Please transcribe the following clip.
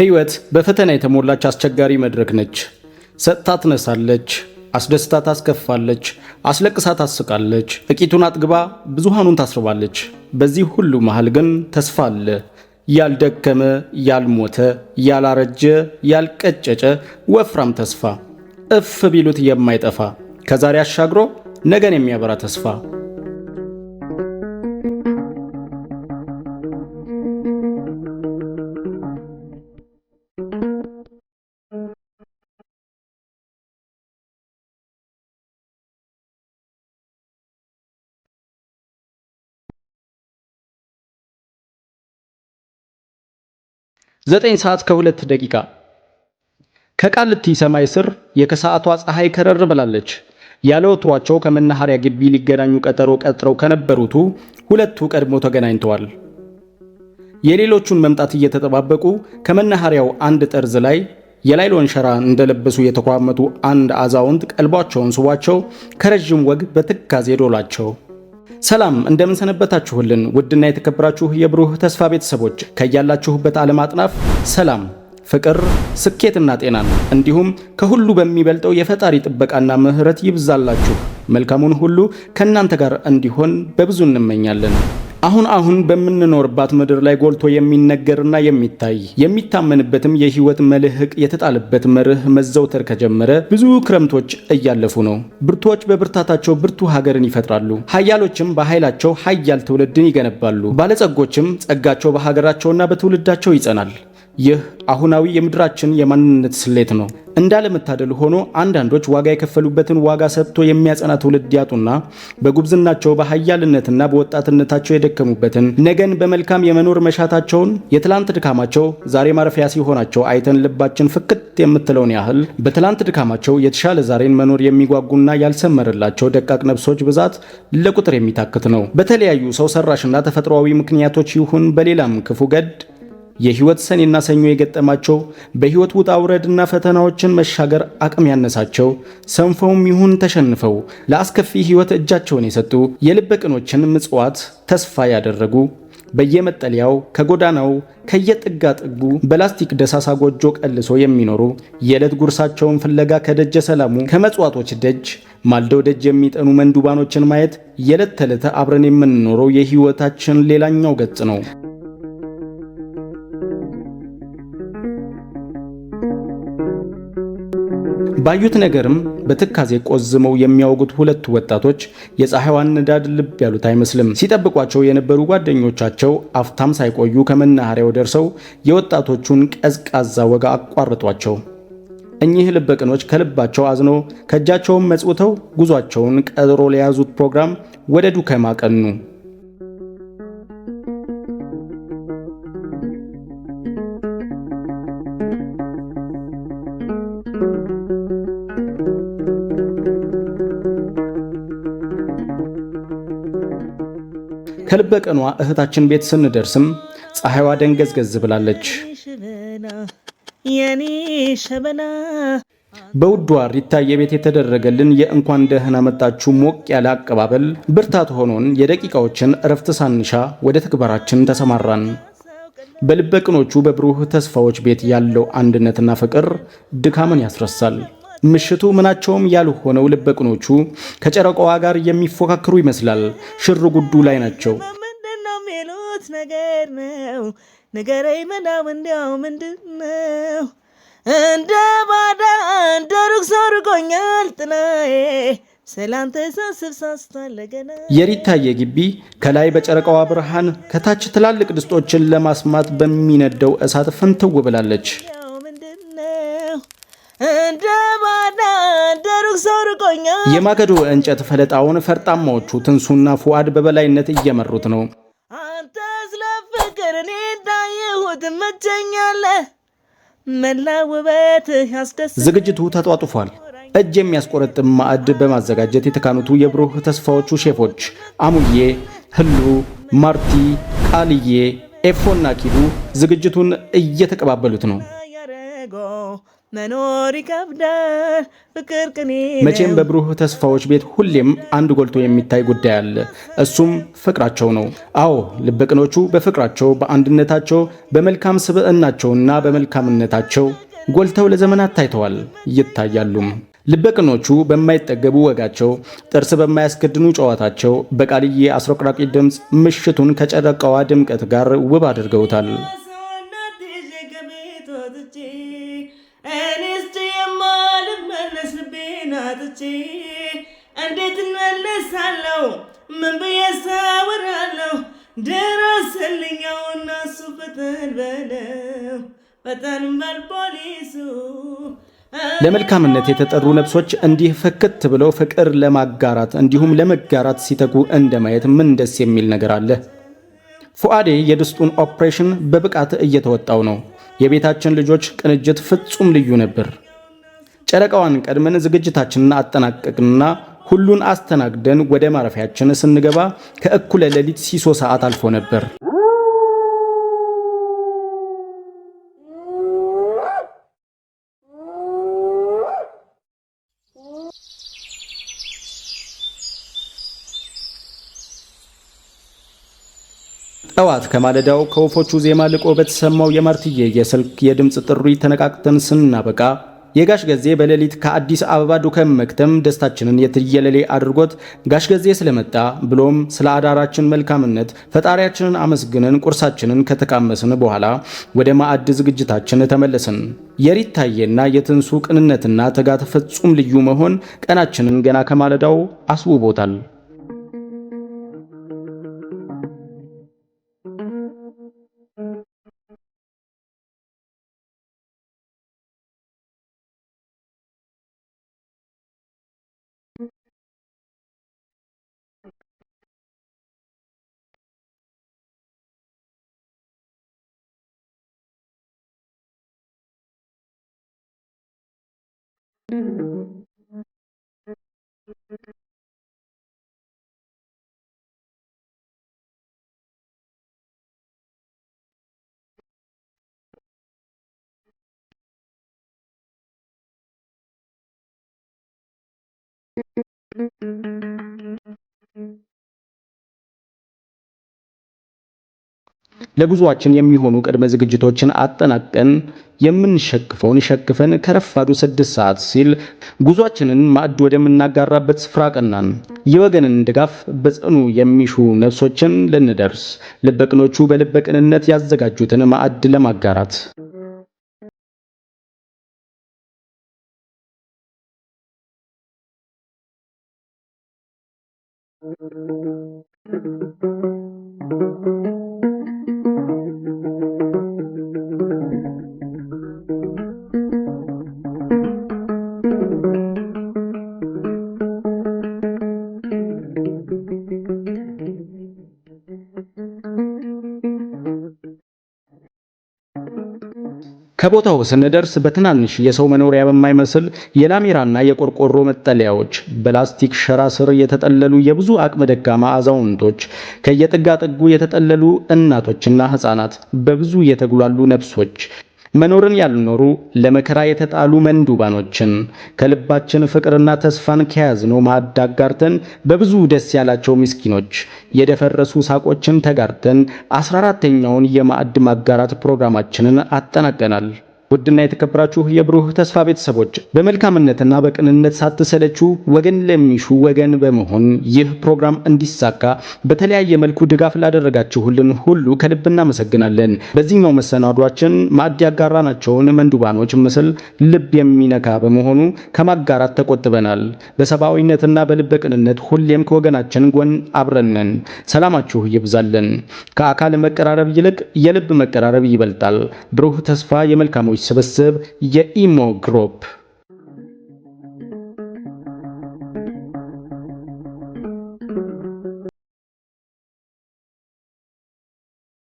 ህይወት በፈተና የተሞላች አስቸጋሪ መድረክ ነች። ሰጥታ ትነሳለች፣ አስደስታ ታስከፋለች፣ አስለቅሳ ታስቃለች፣ ጥቂቱን አጥግባ ብዙሃኑን ታስርባለች። በዚህ ሁሉ መሃል ግን ተስፋ አለ። ያልደከመ፣ ያልሞተ፣ ያላረጀ፣ ያልቀጨጨ ወፍራም ተስፋ እፍ ቢሉት የማይጠፋ ከዛሬ አሻግሮ ነገን የሚያበራ ተስፋ ዘጠኝ ሰዓት ከሁለት ደቂቃ ከቃልቲ ሰማይ ስር የከሰዓቷ ፀሐይ ከረር ብላለች። ያለወትሯቸው ከመናኸሪያ ግቢ ሊገናኙ ቀጠሮ ቀጥረው ከነበሩቱ ሁለቱ ቀድሞ ተገናኝተዋል። የሌሎቹን መምጣት እየተጠባበቁ ከመናኸሪያው አንድ ጠርዝ ላይ የላይሎን ሸራ እንደለበሱ የተኳመቱ አንድ አዛውንት ቀልቧቸውን ስቧቸው ከረዥም ወግ በትካዜ ዶላቸው። ሰላም እንደምን ሰነበታችሁልን? ውድና የተከበራችሁ የብሩህ ተስፋ ቤተሰቦች ከያላችሁበት ዓለም አጥናፍ ሰላም፣ ፍቅር፣ ስኬትና ጤናን እንዲሁም ከሁሉ በሚበልጠው የፈጣሪ ጥበቃና ምሕረት ይብዛላችሁ። መልካሙን ሁሉ ከእናንተ ጋር እንዲሆን በብዙ እንመኛለን። አሁን አሁን በምንኖርባት ምድር ላይ ጎልቶ የሚነገርና የሚታይ የሚታመንበትም የህይወት መልህቅ የተጣለበት መርህ መዘውተር ከጀመረ ብዙ ክረምቶች እያለፉ ነው። ብርቱዎች በብርታታቸው ብርቱ ሀገርን ይፈጥራሉ። ሀያሎችም በኃይላቸው ሀያል ትውልድን ይገነባሉ። ባለጸጎችም ጸጋቸው በሀገራቸውና በትውልዳቸው ይጸናል። ይህ አሁናዊ የምድራችን የማንነት ስሌት ነው። እንዳለመታደል ሆኖ አንዳንዶች ዋጋ የከፈሉበትን ዋጋ ሰጥቶ የሚያጸና ትውልድ ያጡና በጉብዝናቸው በሀያልነትና በወጣትነታቸው የደከሙበትን ነገን በመልካም የመኖር መሻታቸውን የትላንት ድካማቸው ዛሬ ማረፊያ ሲሆናቸው አይተን ልባችን ፍክት የምትለውን ያህል በትላንት ድካማቸው የተሻለ ዛሬን መኖር የሚጓጉና ያልሰመረላቸው ደቃቅ ነብሶች ብዛት ለቁጥር የሚታክት ነው። በተለያዩ ሰው ሰራሽና ተፈጥሯዊ ምክንያቶች ይሁን በሌላም ክፉ ገድ የህይወት ሰኔና ሰኞ የገጠማቸው በህይወት ውጣ ውረድና ፈተናዎችን መሻገር አቅም ያነሳቸው ሰንፈውም ይሁን ተሸንፈው ለአስከፊ ህይወት እጃቸውን የሰጡ የልበ ቅኖችን ምጽዋት ተስፋ ያደረጉ በየመጠለያው ከጎዳናው ከየጥጋ ጥጉ በላስቲክ ደሳሳ ጎጆ ቀልሶ የሚኖሩ የዕለት ጉርሳቸውን ፍለጋ ከደጀ ሰላሙ ከመጽዋቶች ደጅ ማልደው ደጅ የሚጠኑ መንዱባኖችን ማየት የዕለት ተዕለት አብረን የምንኖረው የህይወታችን ሌላኛው ገጽ ነው። ባዩት ነገርም በትካዜ ቆዝመው የሚያወጉት ሁለቱ ወጣቶች የፀሐይዋን ንዳድ ልብ ያሉት አይመስልም። ሲጠብቋቸው የነበሩ ጓደኞቻቸው አፍታም ሳይቆዩ ከመናኸሪያው ደርሰው የወጣቶቹን ቀዝቃዛ ወጋ አቋርጧቸው። እኚህ ልበቅኖች ከልባቸው አዝኖ ከእጃቸውም መጽውተው ጉዟቸውን ቀጥሮ ለያዙት ፕሮግራም ወደ ዱከማ ቀኑ። ከልበቀኗ እህታችን ቤት ስንደርስም ፀሐይዋ ደንገዝገዝ ብላለች። በውዷ ሪታ የቤት የተደረገልን የእንኳን ደህና መጣችሁ ሞቅ ያለ አቀባበል ብርታት ሆኖን የደቂቃዎችን እረፍት ሳንሻ ወደ ተግባራችን ተሰማራን። በልበቅኖቹ በብሩህ ተስፋዎች ቤት ያለው አንድነትና ፍቅር ድካምን ያስረሳል። ምሽቱ ምናቸውም ያልሆነው ልበቅኖቹ ከጨረቃዋ ጋር የሚፎካከሩ ይመስላል። ሽር ጉዱ ላይ ናቸው። ምንድነው የሚሉት ነገር ነው እንዲያው እንደ ባዳ እንደ ርቆኛል ጥላዬ የሪታዬ ግቢ ከላይ በጨረቃዋ ብርሃን ከታች ትላልቅ ድስጦችን ለማስማት በሚነደው እሳት ፍንትው ብላለች። የማገዶ እንጨት ፈለጣውን ፈርጣማዎቹ ትንሱና ፉአድ በበላይነት እየመሩት ነው። አንተ ስለ ፍቅር እኔ እንዳየሁት መላ ውበት ያስደስ ዝግጅቱ ተጧጡፏል። እጅ የሚያስቆረጥም ማዕድ በማዘጋጀት የተካኑቱ የብሩህ ተስፋዎቹ ሼፎች አሙዬ፣ ህሉ፣ ማርቲ፣ ቃልዬ፣ ኤፎና ኪዱ ዝግጅቱን እየተቀባበሉት ነው። መኖር ይከብዳል ፍቅር ቅኔ መቼም በብሩህ ተስፋዎች ቤት ሁሌም አንድ ጎልቶ የሚታይ ጉዳይ አለ። እሱም ፍቅራቸው ነው። አዎ ልበቅኖቹ በፍቅራቸው፣ በአንድነታቸው፣ በመልካም ስብዕናቸውና በመልካምነታቸው ጎልተው ለዘመናት ታይተዋል፣ ይታያሉም። ልበቅኖቹ በማይጠገቡ ወጋቸው፣ ጥርስ በማያስከድኑ ጨዋታቸው በቃልዬ አስረቅራቂ ድምፅ ምሽቱን ከጨረቃዋ ድምቀት ጋር ውብ አድርገውታል። ረስቼ እንዴት እመለሳለሁ? ምን ብዬ እሱ በለው ፈጠን በል ፖሊሱ። ለመልካምነት የተጠሩ ነፍሶች እንዲህ ፈክት ብለው ፍቅር ለማጋራት እንዲሁም ለመጋራት ሲተጉ እንደማየት ምን ደስ የሚል ነገር አለ? ፉአዴ የድስጡን ኦፕሬሽን በብቃት እየተወጣው ነው። የቤታችን ልጆች ቅንጅት ፍጹም ልዩ ነበር። ጨረቃዋን ቀድመን ዝግጅታችንን አጠናቀቅንና ሁሉን አስተናግደን ወደ ማረፊያችን ስንገባ ከእኩለ ሌሊት ሲሶ ሰዓት አልፎ ነበር። ጠዋት ከማለዳው ከወፎቹ ዜማ ልቆ በተሰማው የማርትዬ የስልክ የድምፅ ጥሪ ተነቃቅተን ስናበቃ የጋሽ ገዜ በሌሊት ከአዲስ አበባ ዱከም መክተም ደስታችንን የትየለሌ አድርጎት ጋሽ ገዜ ስለመጣ ብሎም ስለ አዳራችን መልካምነት ፈጣሪያችንን አመስግነን ቁርሳችንን ከተቃመስን በኋላ ወደ ማዕድ ዝግጅታችን ተመለስን። የሪታዬና የትንሱ ቅንነትና ትጋት ፍጹም ልዩ መሆን ቀናችንን ገና ከማለዳው አስውቦታል። Mm-hmm. ለጉዟችን የሚሆኑ ቅድመ ዝግጅቶችን አጠናቀን የምንሸክፈውን ሸክፈን ከረፋዱ ስድስት ሰዓት ሲል ጉዟችንን ማዕድ ወደምናጋራበት ስፍራ ቀናን። የወገንን ድጋፍ በጽኑ የሚሹ ነፍሶችን ልንደርስ ልበቅኖቹ በልበቅንነት ያዘጋጁትን ማዕድ ለማጋራት ከቦታው ስንደርስ በትናንሽ የሰው መኖሪያ በማይመስል የላሜራና የቆርቆሮ መጠለያዎች በላስቲክ ሸራ ስር የተጠለሉ የብዙ አቅመ ደካማ አዛውንቶች፣ ከየጥጋ ጥጉ የተጠለሉ እናቶችና ሕፃናት፣ በብዙ የተጉላሉ ነፍሶች መኖርን ያልኖሩ ለመከራ የተጣሉ መንዱባኖችን ከልባችን ፍቅርና ተስፋን ከያዝነው ማዕድ አጋርተን በብዙ ደስ ያላቸው ምስኪኖች የደፈረሱ ሳቆችን ተጋርተን 14 ተኛውን የማዕድ ማጋራት ፕሮግራማችንን አጠናቀናል። ውድና የተከበራችሁ የብሩህ ተስፋ ቤተሰቦች በመልካምነትና በቅንነት ሳትሰለቹ ወገን ለሚሹ ወገን በመሆን ይህ ፕሮግራም እንዲሳካ በተለያየ መልኩ ድጋፍ ላደረጋችሁልን ሁሉ ከልብ እናመሰግናለን። በዚህኛው መሰናዷችን ማዕድ ያጋራናቸውን መንዱባኖች ምስል ልብ የሚነካ በመሆኑ ከማጋራት ተቆጥበናል። በሰብአዊነትና በልበ ቅንነት ሁሌም ከወገናችን ጎን አብረንን። ሰላማችሁ ይብዛልን። ከአካል መቀራረብ ይልቅ የልብ መቀራረብ ይበልጣል። ብሩህ ተስፋ የመልካሞች የሚሰበስብ የኢሞ ግሩፕ